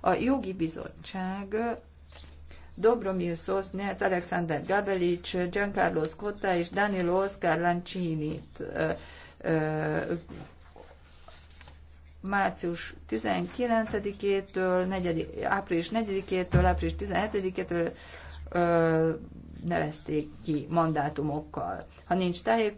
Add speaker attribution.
Speaker 1: A jogi bizottság Dobromir Szosznyec, Alexander Gabelic, Giancarlo Scotta és Danilo Oscar Lancellini-t március 19-től, 4, április 4-től, április 17-től nevezték ki mandátumokkal. Ha nincs tájékoztatás,